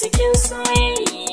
cikin soyayya